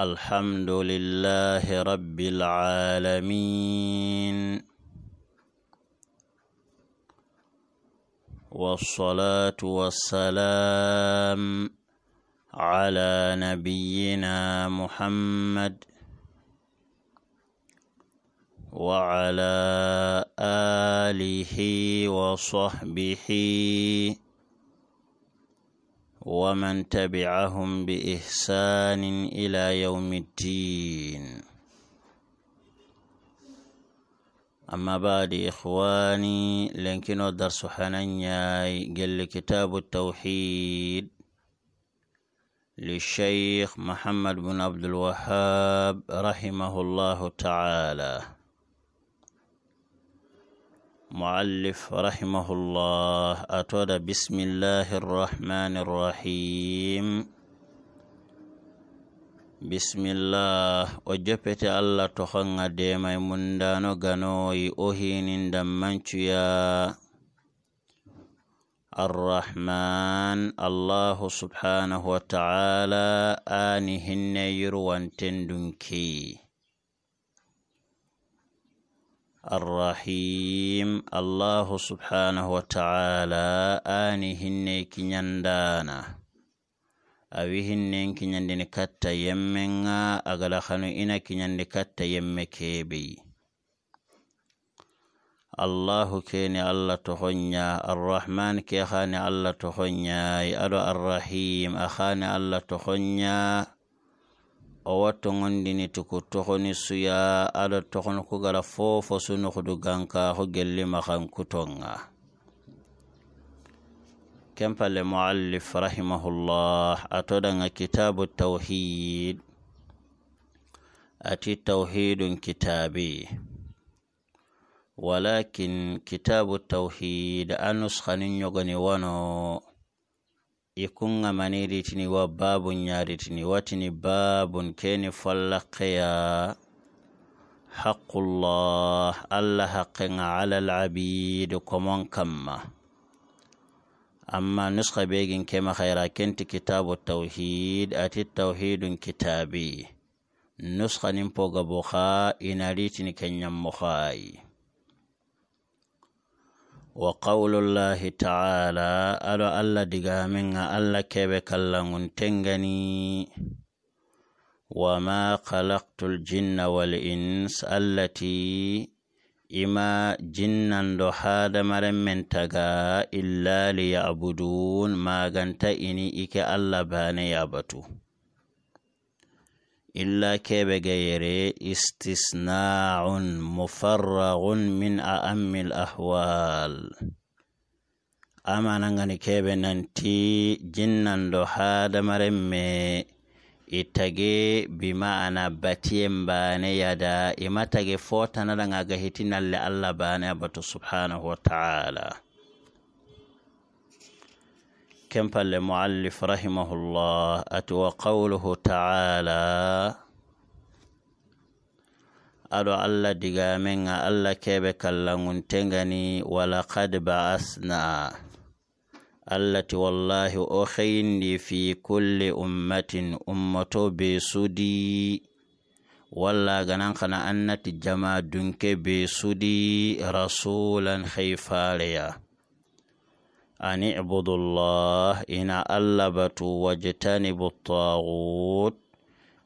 الحمد لله رب العالمين والصلاة والسلام على نبينا محمد وعلى آله وصحبه ومن تبعهم بإحسان إلى يوم الدين أما بعد إخواني لنكنو درس حنانياي قل كتاب التوحيد للشيخ محمد بن عبد الوهاب رحمه الله تعالى معلف رحمه الله أتود بسم الله الرحمن الرحيم بسم الله وجبت الله تخنى ديما مندانو غنوي أهين دمانشيا الرحمن الله سبحانه وتعالى آنهن يروان تندنكي الرحيم الله سبحانه وتعالى آنهن كنيندانا أويهن كنيندن كتا يمنا أغلا خانو إنا كنيند كتا يمكيبي الله كيني الله تخنيا الرحمن كيخاني الله تخنيا أدو الرحيم أخاني الله تخنيا owa dini tuku toxoni suya ala toxon ku gara fofo su kudu ganka xu gelli maxan kutonga le muallif rahimahullah ato danga kitabu tawhid ati tawhidun kitabi walakin kitabu tawhid a nusxanin wano ikunga maniri tini wa babun yari watini babun keni fallakeya haqqullah allah haqqenga ala alabid komon kamma amma nuska begin kema khaira kenti kitabu tauhid ati tauhidun kitabi nuska nimpo gabuka ina tini kenyam mukhayi wa qawlullahi ta'ala alo allah diga minga a allah kallangun tengani Wa ma khalaqtul jinna wal ins allati ima jinnanɗo haadamaren men mentaga illa liyabudun maganta ini ike allah bane yabatu إلا كبغير استثناء مفرغ من أأم الأحوال أما نغني كبننتي جنن دو هذا مرمي itage bi ma'ana batiyen bane yada imatage fotanaɗa aga hitinalle allah bane abato subhanahu wa ta'ala كم mu'allif رحمه ati أتوى قوله تعالى ado allah diga kebe ga allah keɓe kallaguntengani walakad ba'asna allah ti wallahi o heyndi fi kulli ummatin ummato be sudi wala ganan kana annati jama dunke be sudi rasulan heyfareya ani ibudullah ina Allah batu wajtanibu taghut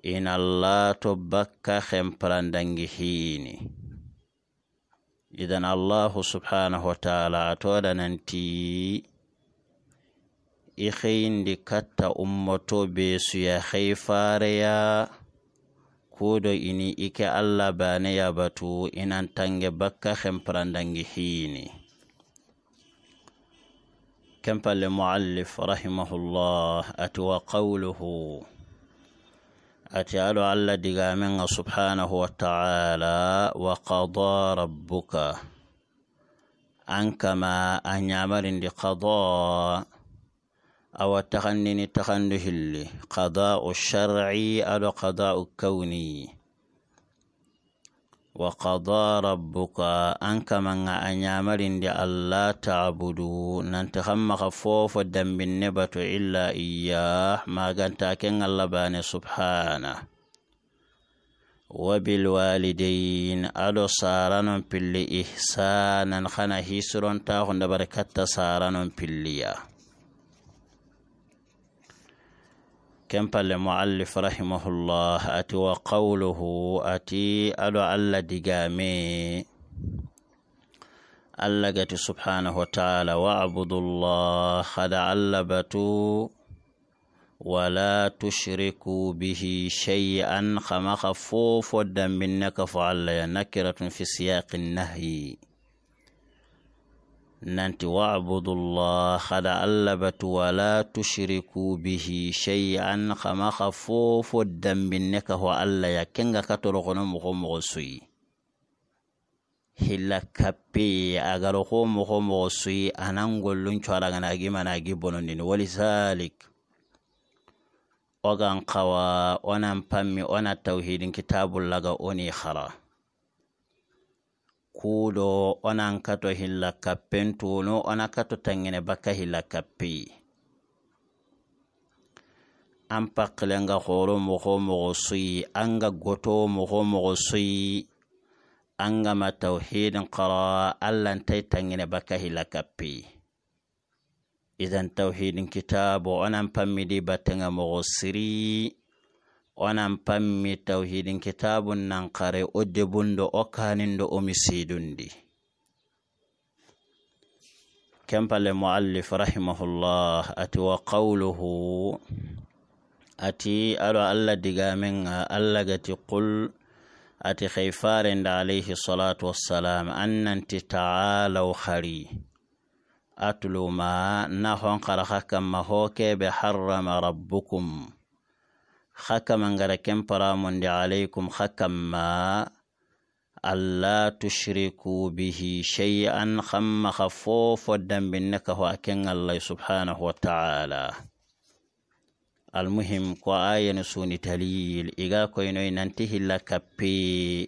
ina Allah to bakka hemprandangi idan allahu subhanahu wa taala atoɗananti i heyndi katta ummoto be suya hey fareya kuuɗo ini ike allah baneya batu inan tange bakka hempradangi hiini كم قال رحمه الله أتوى قوله أتعالى على منه سبحانه وتعالى وقضى ربك أنكما أن يعمل لقضاء أو التخنن التخنه اللي قضاء الشرعي أو قضاء الكوني wa qada rabbuka an nga a ta allah tabudu nanti hammaga fofo ne bato illa iya maganta ken alla bane subhana walidain ado saranon pilli ihsanan hana tahon hunda barkata saranon pilliya كم قال رحمه الله أتي وقوله أتي ألو ألا دقامي ألقت سبحانه وتعالى واعبدوا الله خلعل علبتو ولا تشركوا به شيئا خما خفوف ودم منك فعل نكرة في سياق النهي nanti wa'budullah hada allah batu wala tushriku bihi shay'an kama ka fofo dambinne ka allah ya kenga ka toro kono mogo mogo suyi hilla kappe agaro ko mogo mogo suyi anan gollun coragana gima mana agi bonondini wali salik ogan kawa onan pammi ona tawhidin laga oni hara Kudo, onan kato hilla kappen tunu ona kato tangene baka hilla kappe an pakkile nga horo mogo mogo suyi an goto mogo mogo suyi an gama tauhidin alla ntay tangene bakka hilla kappe idan tauhidin kitabu onan mpamidi battenga mogo siri wanan pammi tauhidin kitabun nan kare o da o'kanin da omi sidundi kempale muallif rahimahullah ati wa qawluhu ati aɗo allah digamen ga allah gati qul ati hay farende alayhi salatu wassalam ti taalaw hari atlu ma na honkara hakkam ma hookeɓe harrama rabbukum hakaman gara kemparamonde alaykum hakamma alla tushriku bihi shay'an hamma ha dambin dambinne ka ho ken allah subhanahu wa ta'ala almuhim ko ayani suni talil iga ino nanti hilla kappe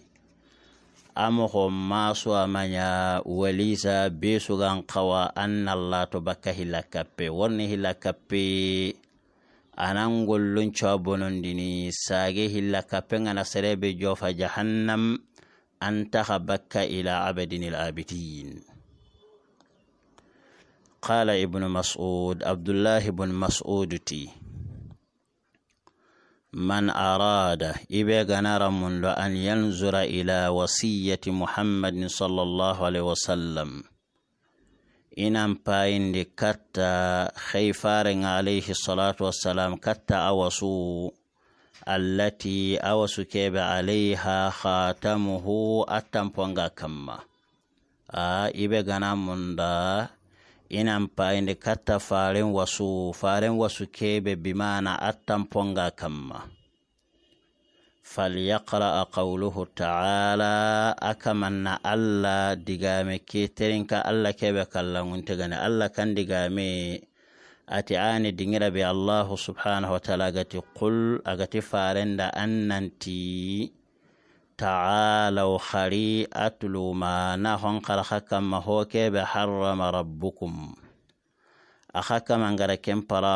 amoho maso amanya walisa besugan kawa annallah to bakka hilaka kappe wonni hilaka anan gollon cabonondini sage hilla kappen ana serebe jofa jahannam antaha bakka ila abadin alabidin قال ابن مسعود عبد الله بن مسعود تي من أراد إبغنا رمون أن ينظر إلى وصية محمد صلى الله عليه وسلم inan payindi katta hayfaren alayhi salatu wassalam katta awasu allati awasu keɓe alaiha khatamuhu attamponga kamma a ibe gana munda inan payindi katta farin wasu farin wasu keɓe bimana attamponga kamma falyaqra'a qawluhu ta'ala akamanna allah digaame keterin ka allah keɓe kallanguntegane allah kan digaame ati aani dingira allahu subhanahu wa agati qul agati farenda annanti tacaalaw khari atlu ma nahon kamma ho keɓe harrama rabbukum a hakam angara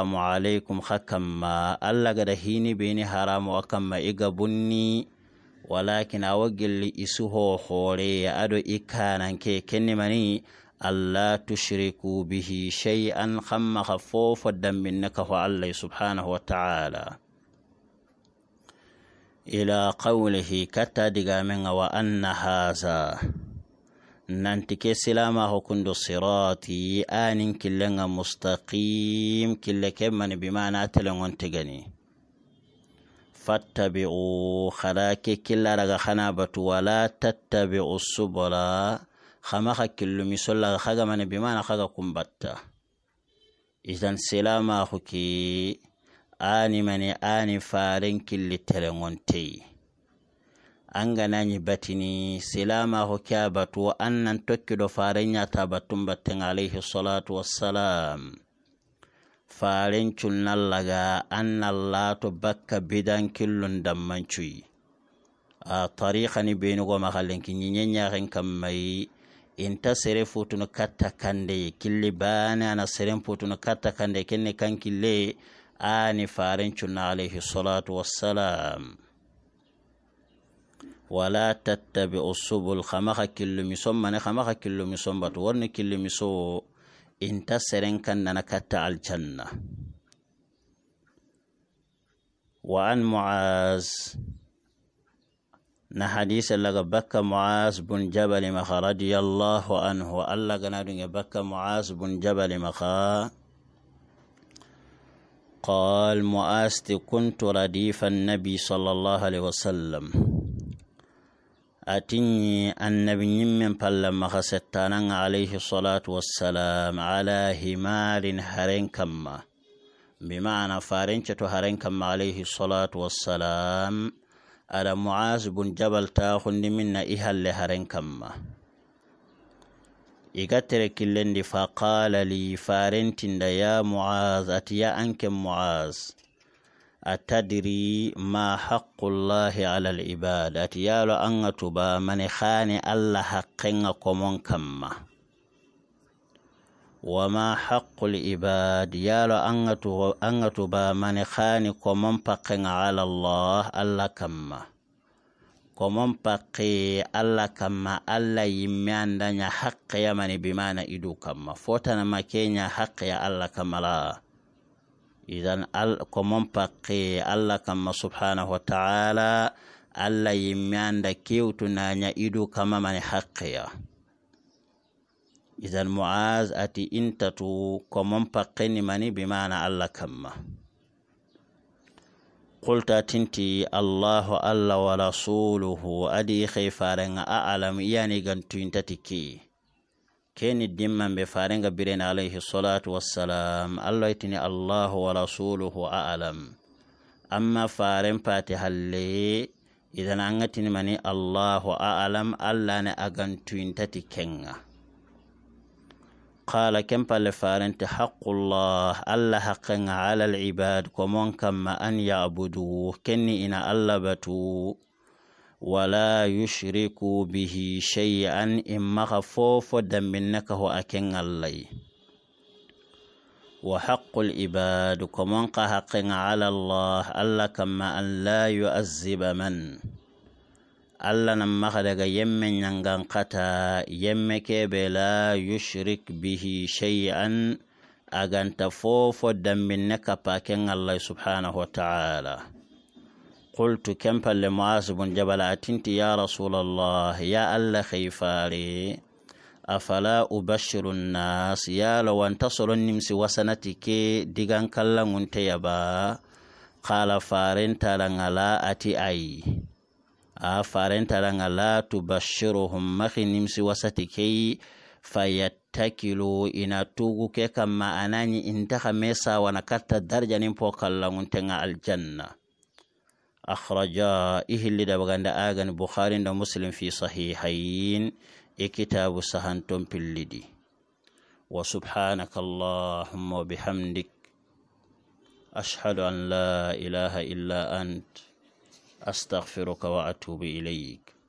mu alaikum haka ma allah ga da hini bini haramu akan ma iga bunni walakin awa gelli ado hooreya ke kenni mani allah tushriku bihi shay'an khamma khafofa fofo ka allah subhanahu wa ta'ala ila qawlihi katta min wa anna haza nanti ke silama hukundo sirati anin killenga mustaqim kille kemmani bimana telengon gani fattabi'u khada ke raga khana batu wala tattabi'u subula khama kha killu misolla khaga mani bimana khaga kumbatta idan silama huki ani mani ani faren killi telengon teyi anganañi batini silama hokki a batu an nan tokkiɗo farenñata battum batten alayhi salatu wassalam farencun nallaga an nan laato bakka bidankillun dammancuyi a tarihani benugo mahallenki ñiñeñahen kam mayi inta sere futunu katta kande killi bane ana seren futunu katta kande kenne kankille ani farencunna alayhi salatu wassalam ولا تتبعوا السبل خمخا كلو مصم من خمخا كلو مصم بطورن كلو مصو انت سرنكا ننكت على الجنة وعن معاذ نحديث لغا بك معاذ بن جبل مخا رضي الله عنه وألا غنادن بك معاذ بن جبل مخا قال معاذ كنت رديف النبي صلى الله عليه وسلم A atinyi annabi nyimmen palla maka settanan alayhi salatu wassalam ala himarin haren kamma bimana farenceto haren kamma alayhi salatu wassalam ada muaz bun jabal ta hundi minna i halle haren kamma iga tere killendi fa qala li tinda ya muaz atiya anken muaz atadiri ma haqqullahi ala alibad ati yalo an ga tuba mani khani allah haqqen ga komon kamma wama haqqul ibad yalo an ga tuba mani khani komon paqqen ala allah allah kamma komon paqqe allah kamma allah yimme andanya haqqeya mani bimana idu kamma fotanama kenya haqqeya allah kamala idan komon faƙe allah kamma subhanahu wa ta'ala allah da anda kewtunanya ido kama mani ya? idan mu'az ati intatu komon ni mani bimana allah kamma qulta tinti allahu allah wa rasuluhu adi khefaren a alam iyani gantuyintati tiki. keni be farenga birene alayhi salatu wassalam allah yitini allahu wa rasuluhu alam amma faren pati halle idan an mani allahu alam allah ne agantuyintati kenga qala ken palle farente haqullah allah haqqenga ala alibad komon kamma an yabuduh kenni ina allah batu wala yushriku bihi shay'an in maka fofo dambinna kaho ho allai wa haqqul ibad kaman ka haqqin ala allah allah kama an la yu'azziba man allah nan maka daga yemme nyangan kata ke be la yushrik bihi shay'an aganta fofo dambinna ka paken allai subhanahu wa ta'ala Ƙultu kan Talle Musa Jabalatun ta ya rasu ya Allah haifarai a fala a Bashiru ya da wata salon a nyimsa wasannin take diga kanlangun ya ba kala faren ta a tiya ya faren ta da kalla ta Bashiru kuma haifarain ta da kalla ta yi fa ya takalma ina tuku kama a nani ina da sa wani karta darjanin faren ta da aljanna. أخرجا إهل دبغان آغان بخاري دا مسلم في صحيحين إكتاب سهنتم باللدي وسبحانك اللهم وبحمدك أشهد أن لا إله إلا أنت أستغفرك وأتوب إليك